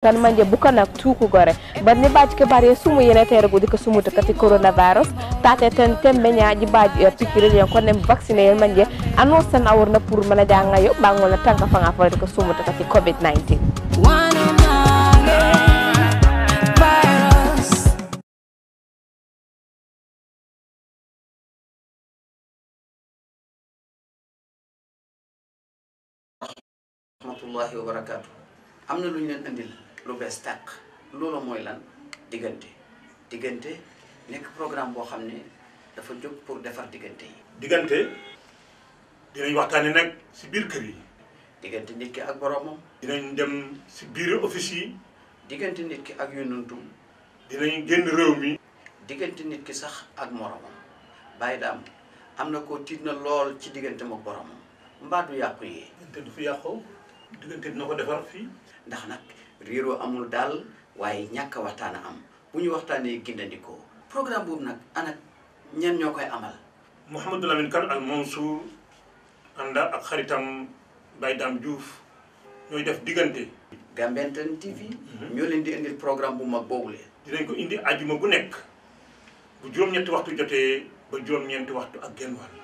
tan manje bukana tukugore banni baji kebariye sumu yenetere gudi ko sumuta kati coronavirus tate ten tembe ñaji baji eh, pikireji hen kono en vacciné hen manje annonce tan aworna pour mana jangayo ɓagolna tanka fanga fawde ko sumuta kati covid 19 rahmatullahi wa barakatuh am na lu ñu leen andil lu bees tàkk loolu mooy lan diggante diggante nekk programme boo xam ne dafa jóg pour defar diggante yi. diggante dinañ waxtaanee nag si biir kër yi. diggante nit ki ak boroomam. dinañ dem si biir office yi. diggante nit ki ak yonantu. dinañ génn réew mi. diggante nit ki sax ak moroomam bàyyi daam am na ko tiit na lool ci diggante moom boroomam mbaa du yàqu yi. diggante du fi yàqu diggante dina ko defar fii. ndax nag réeroo amul daal waaye ñàkk a waxtaan am bu ñu waxtaanee gindandikoo programme boobu nag ana ñan ñoo koy amal. Mouhamadou Lamine Kane Al Mansour ànda ak xaritam Baye Dame Diouf ñooy def diggante. Gambian TV. Mhm. ñoo leen di indil programme bu mag boobu leen. dinañ ko indi ajuma bu nekk bu juróom-ñetti waxtu jotee ba juróom-ñeenti waxtu ak genn wàll.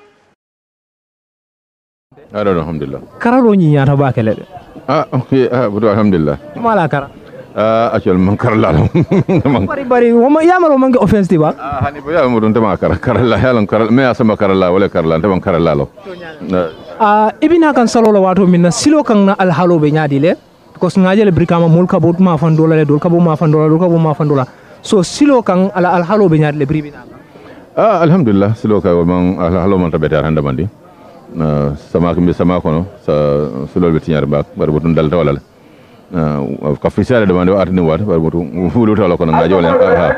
ah okay. ah betul alhamdulillah Malah kara ah asal mengkar lalu bari bari wama ya malu ga offense tiba. ah hani bo yamal dun tama kara kara ya yalam kara me asal kara lah. Boleh kara lah. tama kara la lo ya. ah akan selalu salola wato minna silo kang na alhalo be nyaadi le ko ngajele brikama mul ka bot ma dola le Dola ka maafan dola. dola dol maafan dola so silo kang ala alhalo be nyaadi le bribina ah alhamdulillah silo kang memang alhalo mantap tabeta handa mandi sama mbe sama kono sa sulol be tiñar ba bar botun dal tawala ka ah, fisale demande o artini wat bar botun wulu tawala kono ngajo jole ah, ah.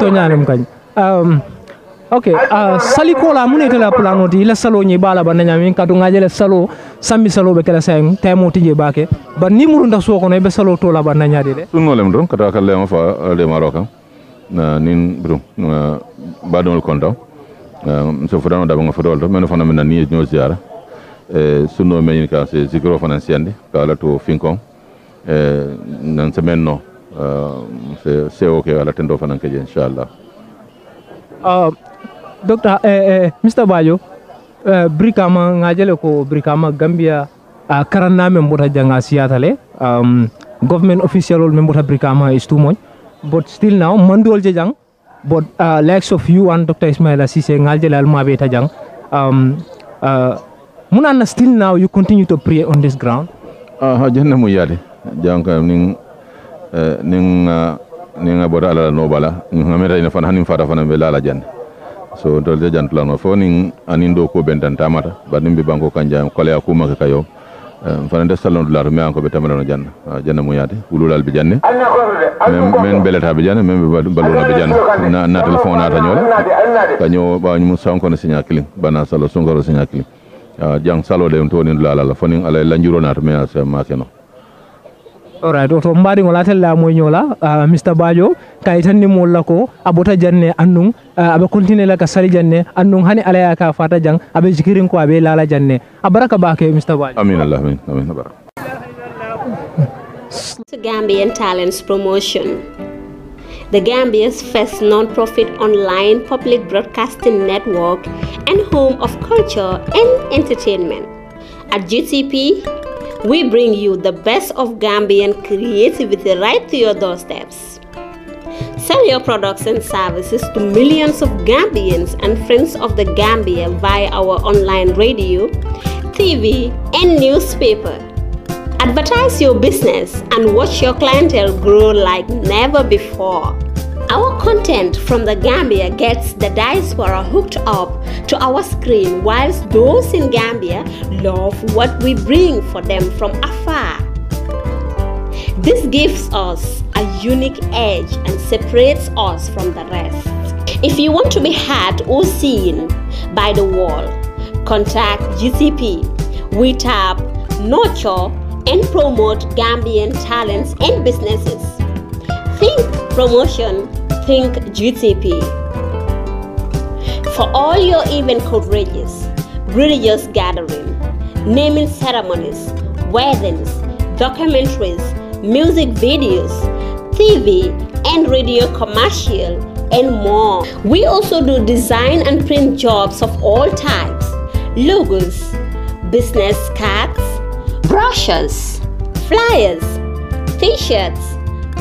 to nyanam kañ um ok uh, sali ko la mune tela plano ti ila salo nyi bala ba nanyami ka to ngajele salo sambi salo be kala sayim temo tije je bake ba ni muru nda so kono be salo to la ba nanyade de sun nolem don kata kala ma fa le maroka na nin brum ba don konta so fudano daba nga fodolto meno fana mena ni ñoo ziara e euh, sunno meñin ka se zikro fana siande ka ala to finkon e euh, nan semen no euh, se se o ke ala tendo fana keje inshallah uh, docteur eh, eh, mr bajo eh, brikama ngajele ko gambia uh, karanna men mbota janga siyatale um, government official ol men mbota brikama is too much but still now mandol jang But uh, likes of you and Dr. Ismail Asise, Ngaljel Almabeta Jang, um, uh, Munana, still now you continue to pray on this ground? uh, ah, jangan mu yari. Jangan kau ning eh, ning ah, ning abora ala nobala. Ngamera ina fan hanim fara fana bela ala jan. So dolde jan plano fo ning anindo ko bendan tamata. Badimbi bango kanja kole akuma kakayo. Eh, fanande salon dularo mi an ko ɓe tamirano janna ah, janna muyade wululal ɓe janne min beletaɓe janne min ɓe ballunaɓe janne na téléphone nata ñoole kaño ɓawañu mum signa kilin bana salo sunkaro signa kilin ah, jang salode en towoni dulalala fonin alay lanjuro nata mi a makeno alright oto mbari ngola atel la ñoola uh, mr Bajo, kay tan ni molla ko abota janne annun uh, abe continue la ka sali janne annun hani alaya ka fata jang aɓe jikirin ko aɓe lala janne a baraka bake mr Bajo. amin allah amin amin baraka to gambian talents promotion the Gambia's first non-profit online public broadcasting network and home of culture and entertainment. At GTP, we bring you the best of Gambian creativity right to your doorsteps. Sell your products and services to millions of Gambians and friends of the Gambia via our online radio, TV, and newspaper. Advertise your business and watch your clientele grow like never before. Our content from the Gambia gets the diaspora hooked up to our screen, whilst those in Gambia love what we bring for them from afar. This gives us a unique edge and separates us from the rest. If you want to be heard or seen by the world, contact GCP. We tap, nurture, and promote Gambian talents and businesses. Think promotion Think GTP. For all your event coverages, religious gathering, naming ceremonies, weddings, documentaries, music videos, TV and radio commercial, and more. We also do design and print jobs of all types, logos, business cards, brochures, flyers, t-shirts,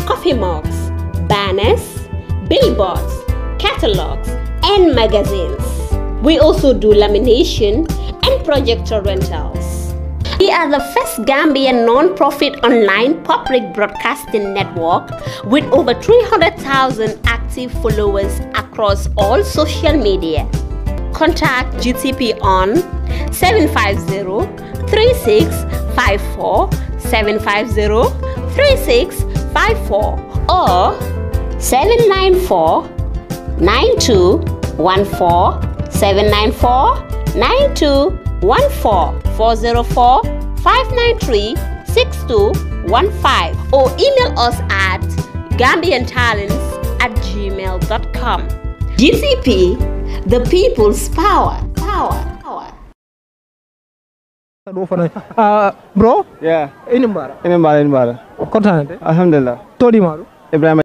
coffee mugs, banners, billboards, catalogs, and magazines. We also do lamination and projector rentals. We are the first Gambian non-profit online public broadcasting network with over 300,000 active followers across all social media. Contact GTP on 750 3654 750 3654 or 794 9214 794 9214 404 593 6215 or email us at gambiantalents at gmail.com. GCP, the people's power. Power. Uh, bro yeah ini mbara ini mbara ini mbara kontane alhamdulillah todi maru ibrahim